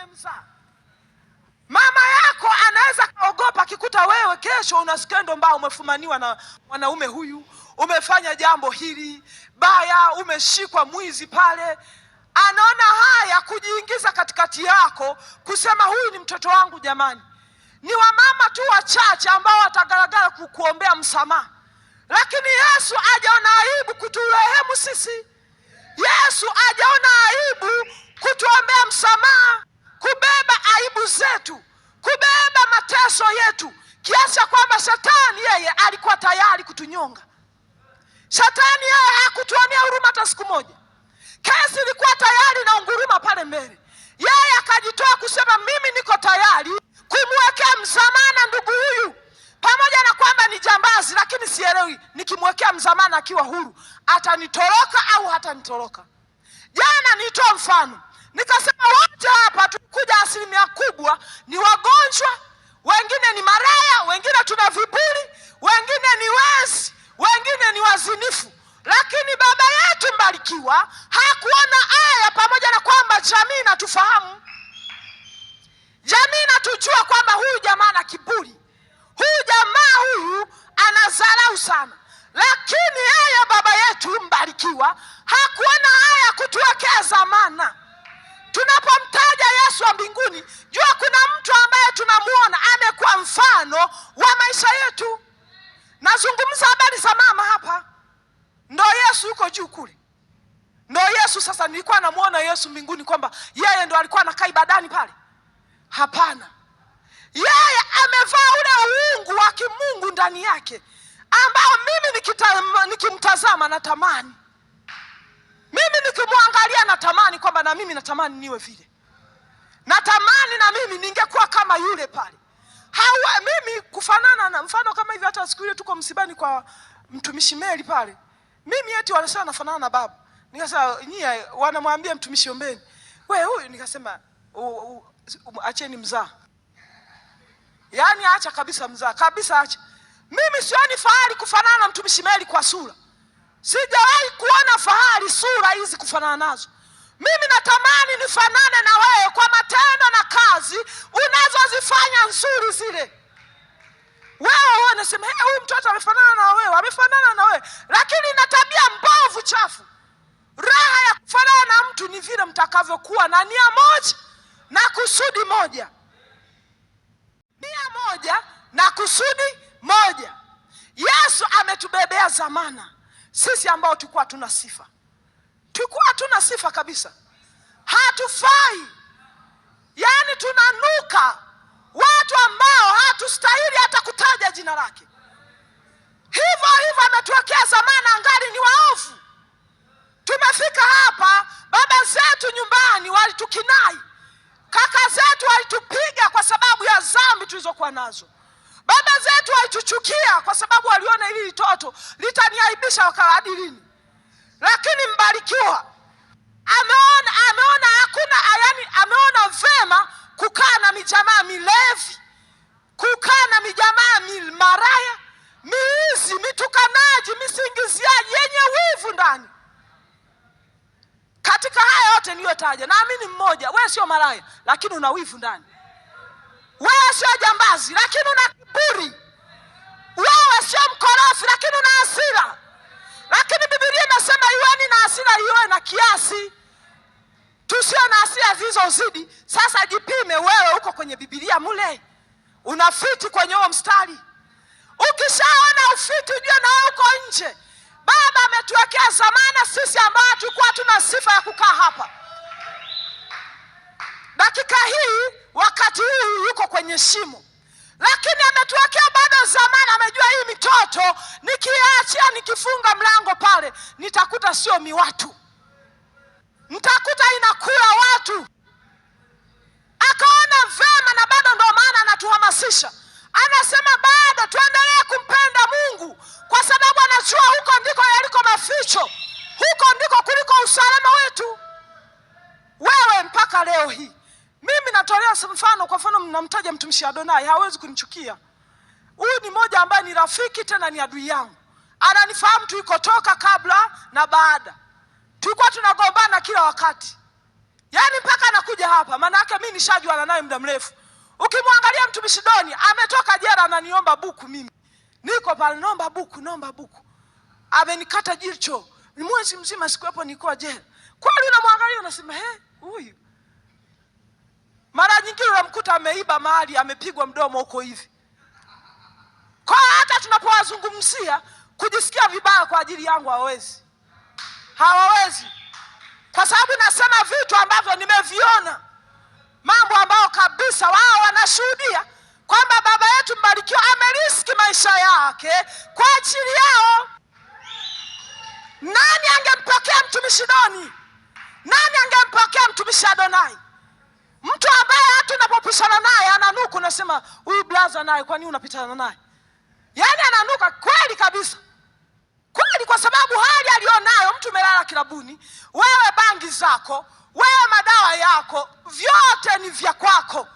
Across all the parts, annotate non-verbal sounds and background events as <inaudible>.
amemzaa. Mama yako anaweza kaogopa, akikuta wewe kesho una skendo mbaya, umefumaniwa na mwanaume huyu, umefanya jambo hili baya, umeshikwa mwizi pale anaona haya kujiingiza katikati yako, kusema huyu ni mtoto wangu. Jamani, ni wamama tu wachache ambao watagaragara kukuombea msamaha, lakini Yesu ajaona aibu kuturehemu sisi. Yesu aja kiasi cha kwamba shetani yeye alikuwa tayari kutunyonga. Shetani yeye hakutuonea huruma hata siku moja. Kesi ilikuwa tayari na unguruma pale mbele, yeye akajitoa kusema mimi niko tayari kumwekea mzamana ndugu huyu, pamoja na kwamba ni jambazi, lakini sielewi, nikimwekea mzamana akiwa huru atanitoroka au hatanitoroka. Jana nitoa mfano nikasema, wote hapa tulikuja asilimia kubwa ni wagonjwa wengine ni maraya, wengine tuna viburi, wengine ni wezi, wengine ni wazinifu. Lakini baba yetu Mbarikiwa hakuona haya, pamoja na kwamba jamii inatufahamu, jamii inatujua kwamba huyu jamaa ana kiburi, huyu jamaa huyu anadharau sana. Lakini haya baba yetu Mbarikiwa hakuona haya kutuwekea zamana Tunapomtaja Yesu wa mbinguni, jua kuna mtu ambaye tunamuona amekuwa mfano wa maisha yetu. Nazungumza habari za mama hapa, ndo Yesu yuko juu kule, ndo Yesu. Sasa nilikuwa namuona Yesu mbinguni kwamba yeye ndo alikuwa anakaa ibadani pale? Hapana, yeye amevaa ule uungu wa kimungu ndani yake ambao mimi nikita, nikimtazama natamani mimi nikimwangalia natamani kwamba na mimi natamani niwe vile, natamani na mimi ningekuwa kama yule pale. Hawa mimi kufanana na mfano kama hivi. Hata siku ile tuko msibani kwa mtumishi Meli pale, mimi eti wanasema nafanana na baba, nikasema nyie, wanamwambia mtumishi Ombeni, we huyu, nikasema acheni mzaa, yaani acha kabisa mzaa kabisa, acha. Mimi sioni fahari kufanana na mtumishi Meli kwa sura Sijawahi kuona fahari sura hizi kufanana nazo. Mimi natamani nifanane na wewe kwa matendo na kazi unazozifanya nzuri zile. Wewe wewe unasema huyu mtoto amefanana na wewe, amefanana na wewe, lakini na tabia mbovu chafu. Raha ya kufanana na mtu ni vile mtakavyokuwa na nia moja na kusudi moja, nia moja na kusudi moja. Yesu ametubebea zamana sisi ambao tulikuwa hatuna sifa, tulikuwa hatuna sifa kabisa, hatufai, yaani tunanuka, watu ambao hatustahili hata kutaja jina lake. Hivyo hivyo ametuwekea zamana, angali ni waovu. Tumefika hapa, baba zetu nyumbani walitukinai, kaka zetu walitupiga kwa sababu ya dhambi tulizokuwa nazo. Baba zetu walituchukia kwa sababu waliona hili litoto litaniaibisha wakala lakini Mbarikiwa ameona ameona hakuna yani, ameona vema kukaa na mijamaa milevi, kukaa na mijamaa maraya, miizi, mitukanaji, misingiziaji, yenye wivu ndani. Katika haya yote niliyotaja, naamini mmoja, we sio maraya, lakini una wivu ndani. Wewe sio jambazi, lakini una kiburi. Wewe sio mkorofi, lakini una hasira. Lakini Biblia inasema iweni na hasira, iwe na kiasi, tusio na hasira zilizozidi. Sasa jipime wewe, uko kwenye Biblia mule, unafiti kwenye huo mstari. Ukishaona ufiti, ujue na uko nje. Baba ametuwekea zamana sisi ambao tulikuwa tuna sifa ya kukaa hapa dakika hii, wakati huu yuko kwenye shimo, lakini ametuwekea bado zamani. Amejua hii mitoto nikiachia, nikifunga mlango pale nitakuta sio mi watu nitakuta inakula watu. Akaona vema, na bado ndo maana anatuhamasisha, anasema bado tuendelee kumpenda Mungu kwa sababu anajua huko ndiko yaliko maficho, huko ndiko kuliko usalama wetu. Wewe mpaka leo hii Natolea mfano, kwa mfano mnamtaja mtumishi Adonai, hawezi kunichukia. Huyu ni mmoja ambaye ni rafiki tena ni adui yangu, ananifahamu toka kabla na baada, tulikuwa tunagombana kila wakati, yaani mpaka anakuja hapa. Maana yake mimi nishajuana naye muda mrefu. Ukimwangalia mtumishi Doni ametoka jela, ananiomba buku, mimi niko pale, nomba buku, nomba buku, amenikata jicho mwezi mzima, sikuwepo, nilikuwa jela. Kweli unamwangalia unasema, he, huyu mara nyingine unamkuta ameiba mahali, amepigwa mdomo huko hivi. Kwa hata tunapowazungumzia kujisikia vibaya kwa ajili yangu, hawawezi, hawawezi, kwa sababu nasema vitu ambavyo nimeviona, mambo ambayo kabisa wao wanashuhudia kwamba baba yetu mbarikiwa ameriski maisha yake kwa ajili yao. Nani angempokea mtumishi Doni? Nani angempokea mtumishi Adonai? Mtu ambaye hata unapopishana naye ananuka, unasema huyu blaza naye, kwa nini unapitana naye? Yaani ananuka kweli kabisa, kweli, kwa sababu hali aliyonayo mtu. Umelala kilabuni, wewe bangi zako, wewe madawa yako, vyote ni vya kwako,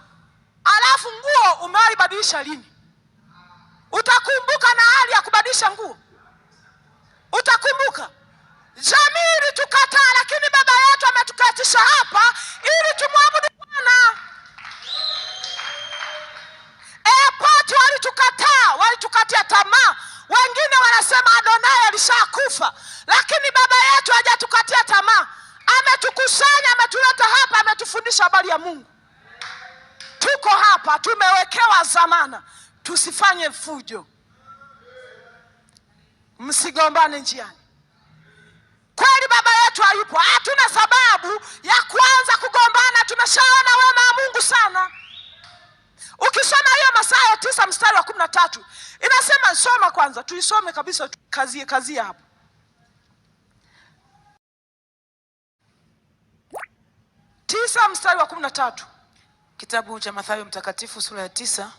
alafu nguo umewaibadilisha lini? Utakumbuka na hali ya kubadilisha nguo utakumbuka. Jamii ilitukataa, lakini baba yetu ametukatisha hapa ili tumwabudu. walitukataa, walitukatia tamaa. Wengine wanasema Adonai alishakufa, lakini baba yetu hajatukatia tamaa. Ametukusanya, ametuleta hapa, ametufundisha habari ya Mungu. Tuko hapa, tumewekewa zamana, tusifanye fujo, msigombane njiani. Kweli baba yetu hayupo, hatuna sababu ya kuanza kugombana. Tumeshaona wema wa Mungu sana. Ukisoma hiyo Mathayo tisa mstari wa kumi na tatu inasema, soma kwanza, tuisome kabisa, kazie kazie hapo. Tisa mstari wa kumi na tatu kitabu cha Mathayo mtakatifu sura ya tisa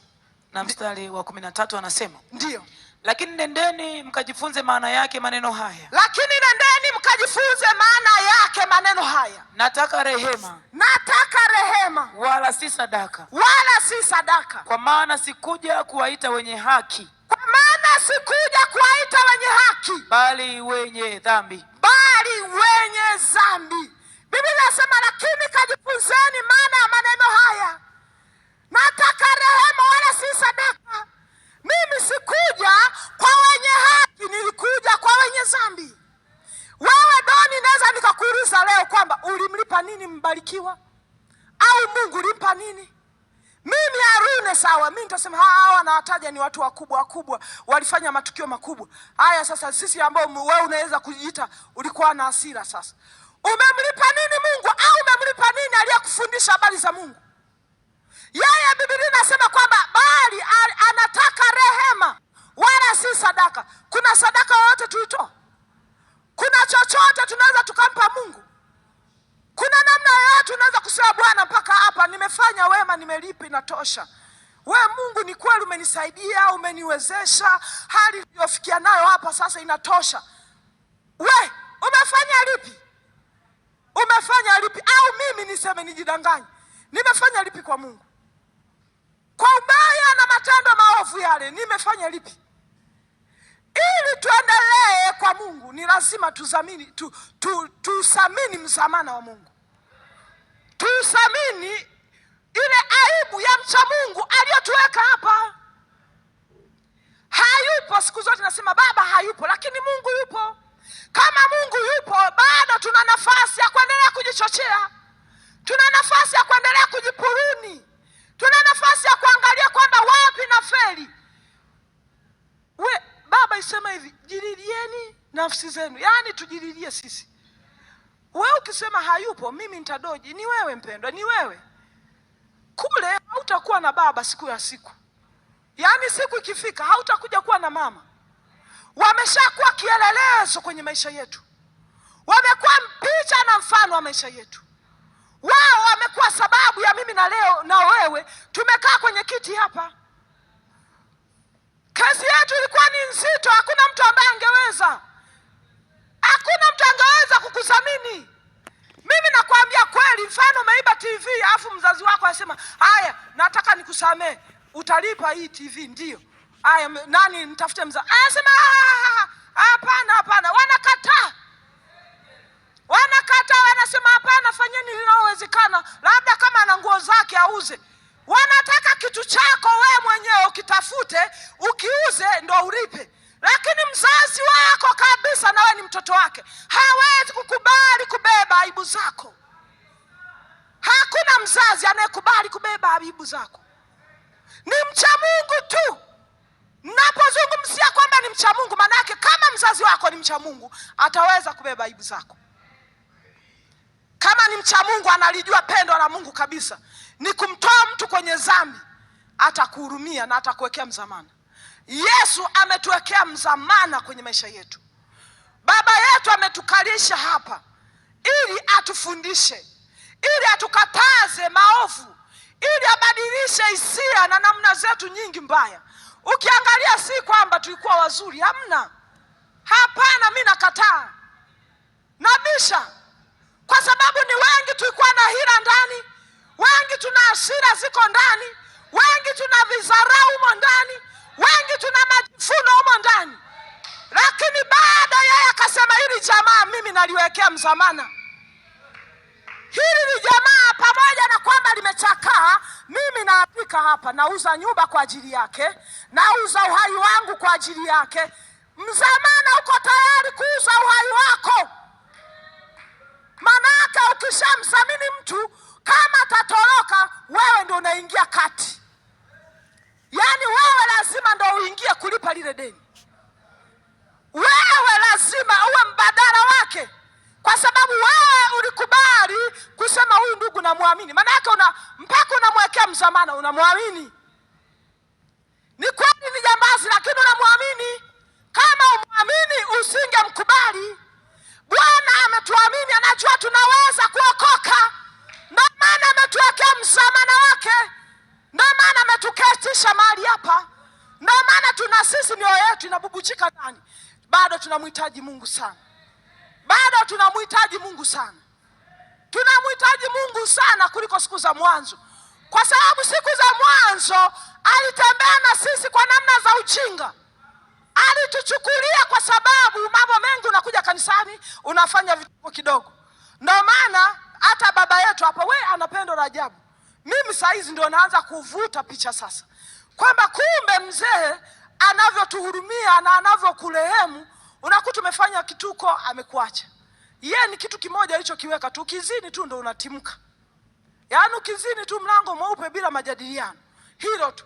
na mstari wa kumi na tatu anasema, ndio lakini nendeni mkajifunze maana yake maneno haya, lakini nendeni mkajifunze maana yake maneno haya. Nataka rehema, nataka rehema, wala si sadaka, wala si sadaka, kwa maana sikuja kuwaita wenye haki, kwa maana sikuja kuwaita wenye haki, bali wenye dhambi, bali wenye dhambi. Biblia nasema lakini kajifunzeni maana ya maneno haya utasema ah, hawa nawataja ni watu wakubwa wakubwa, walifanya matukio makubwa haya. Sasa sisi ambao wewe unaweza kujiita ulikuwa na hasira, sasa umemlipa nini Mungu au umemlipa nini aliyekufundisha habari za Mungu? Yeye Biblia inasema kwamba bali anataka rehema wala si sadaka. Kuna sadaka yoyote tuitoa? Kuna chochote tunaweza tukampa Mungu? Kuna namna yoyote unaweza kusema Bwana, mpaka hapa nimefanya wema, nimelipa, inatosha. We Mungu ni kweli umenisaidia, umeniwezesha, hali iliyofikia nayo hapa sasa inatosha. We umefanya lipi? Umefanya lipi? Au mimi niseme nijidanganye, nimefanya lipi kwa Mungu kwa ubaya na matendo maovu yale, nimefanya lipi? Ili tuendelee kwa Mungu ni lazima tuzamini tu, tu, tusamini msamana wa Mungu tusamini ile aibu ya mcha Mungu aliyotuweka hapa. Hayupo siku zote, nasema Baba hayupo, lakini Mungu yupo. Kama Mungu yupo, bado tuna nafasi ya kuendelea kujichochea, tuna nafasi ya kuendelea kujipuruni, tuna nafasi ya kuangalia kwamba wapi na feli. We Baba isema hivi, jililieni nafsi zenu, yaani tujililie sisi. Wewe ukisema hayupo, mimi nitadoji. Ni wewe mpendwa, ni wewe kule hautakuwa na baba siku ya siku, yaani siku ikifika hautakuja kuwa na mama. Wameshakuwa kielelezo kwenye maisha yetu, wamekuwa mpicha na mfano wa maisha yetu. Wao wamekuwa sababu ya mimi na leo na wewe tumekaa kwenye kiti hapa. Kazi yetu ilikuwa ni nzito, hakuna mtu ambaye angeweza, hakuna mtu angeweza kukudhamini mimi nakwambia kweli, mfano umeiba TV afu mzazi wako asema haya, nataka nikusamee, utalipa hii TV. Ndio haya, nani nitafute mzazi? Anasema ah, ah, ah, hapana, hapana, wanakataa wanakataa, wanasema hapana, fanyeni linalowezekana, labda kama ana nguo zake auze. Wanataka kitu chako wewe mwenyewe ukitafute, ukiuze, ndo ulipe lakini mzazi wako kabisa, na wewe ni mtoto wake, hawezi kukubali kubeba aibu zako. Hakuna mzazi anayekubali kubeba aibu zako. Ni mcha Mungu tu. Napozungumzia kwamba ni mcha Mungu, maana kama mzazi wako ni mcha Mungu ataweza kubeba aibu zako. Kama ni mcha Mungu, analijua pendo la Mungu kabisa, ni kumtoa mtu kwenye zambi atakuhurumia na atakuwekea mzamana. Yesu ametuwekea mzamana kwenye maisha yetu. Baba yetu ametukalisha hapa ili atufundishe, ili atukataze maovu, ili abadilishe hisia na namna zetu nyingi mbaya. Ukiangalia si kwamba tulikuwa wazuri, hamna. Hapana, mi nakataa, nabisha, kwa sababu ni wengi tulikuwa na hila ndani, wengi tuna hasira ziko ndani, wengi tuna vizarau ndani wengi tuna majivuno humo ndani, lakini baada yeye akasema, hili jamaa mimi naliwekea mzamana hili ni jamaa, pamoja na kwamba limechakaa, mimi naapika hapa, nauza nyumba kwa ajili yake, nauza uhai wangu kwa ajili yake. Mzamana, uko tayari kuuza uhai wako? Manaka ukishamzamini mtu kama atatoroka, wewe ndio unaingia kati. Yaani wewe lazima ndo uingie kulipa lile deni, wewe lazima uwe mbadala wake, kwa sababu wewe ulikubali kusema huyu ndugu namwamini. Maana yake una mpaka unamwekea mzamana, unamwamini. Ni kweli ni jambazi, lakini unamwamini. Kama umwamini, usingemkubali. Bwana ametuamini, anajua tunaweza kuokoka, ndio maana ametuwekea mzamana wake. Ndio maana ametuketisha mahali hapa, ndio maana tuna sisi mioyo yetu inabubujika ndani, bado tunamhitaji Mungu sana, bado tunamhitaji Mungu sana, tunamhitaji Mungu sana kuliko siku za mwanzo, kwa sababu siku za mwanzo alitembea na sisi kwa namna za uchinga alituchukulia kwa sababu mambo mengi, unakuja kanisani unafanya vituko kidogo. Ndio maana hata baba yetu hapa, we anapendo la ajabu. Mimi saa hizi ndio naanza kuvuta picha sasa, kwamba kumbe mzee anavyotuhurumia na anavyokurehemu, unakuta umefanya kituko, amekuacha ye. Ni kitu kimoja alichokiweka tu, ukizini tu ndo unatimka, yaani ukizini tu mlango mweupe bila majadiliano, hilo tu.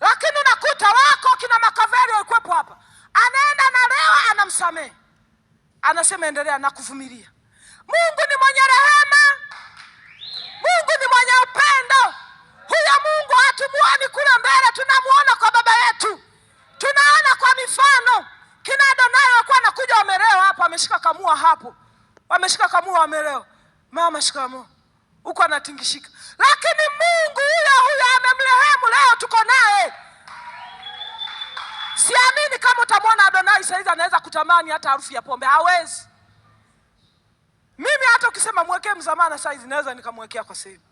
Lakini unakuta wako kina Makaveli walikuwepo hapa, anaenda na leo anamsamehe, anasema endelea na kuvumilia. Mungu ni mwenye rehema. Mungu ni mwenye upendo. Huyo Mungu hatumuoni kule mbele, tunamuona kwa baba yetu, tunaona kwa mifano. Kina Adonai walikuwa anakuja wamerewa hapo, wameshika kamua hapo, wameshika kamua, amelewa mama, shikamoo huko anatingishika, lakini Mungu huyo huyo amemrehemu. Leo tuko naye. Siamini kama utamwona Adonai saizi anaweza kutamani hata harufu ya pombe, hawezi. Mimi hata ukisema mwekee mzamana saizi naweza nikamwekea kwa sehemu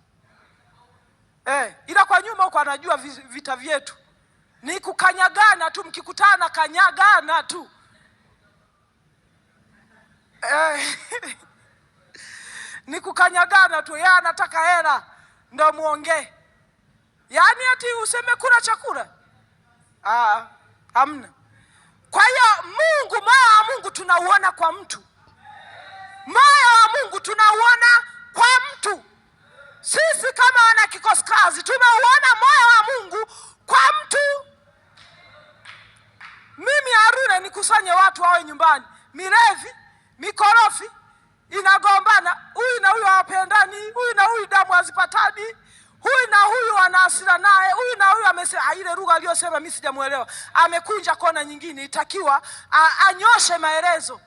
eh, ila kwa nyuma huko anajua vita vyetu ni kukanyagana tu, mkikutana kanyagana tu eh, <laughs> ni kukanyagana tu. Yeye anataka hela ndio muongee, yaani ati useme kula chakula ah, hamna. Kwa hiyo Mungu, maa Mungu tunauona kwa mtu Moyo wa Mungu tunauona kwa mtu. Sisi kama wana Kikosi Kazi tunauona moyo wa Mungu kwa mtu. Mimi Haruna nikusanye watu wawe nyumbani, mirevi mikorofi, inagombana, huyu na huyu hawapendani, huyu na huyu damu hazipatani huyu na huyu ana hasira naye, huyu na huyu amesema ah, ile lugha aliyosema mimi sijamuelewa, amekunja kona nyingine. Itakiwa anyoshe maelezo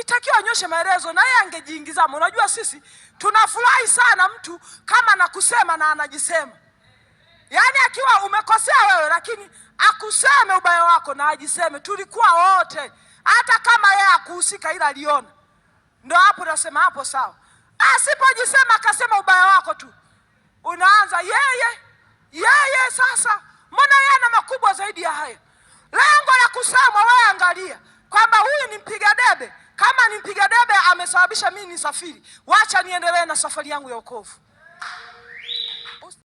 itakiwa anyoshe maelezo na yeye angejiingizama. Unajua, sisi tunafurahi sana mtu kama nakusema na anajisema, yaani akiwa umekosea wewe, lakini akuseme ubaya wako na ajiseme, tulikuwa wote, hata kama yeye akuhusika, ila aliona. Ndo hapo nasema hapo sawa. Ah, asipojisema akasema ubaya wako tu, unaanza yeye yeye. Sasa mbona yeye ana makubwa zaidi ya haya? Lengo la kusema wewe angalia kwamba huyu ni mpiga debe kama ni mpiga debe amesababisha mimi nisafiri, wacha niendelee na safari yangu ya wokovu.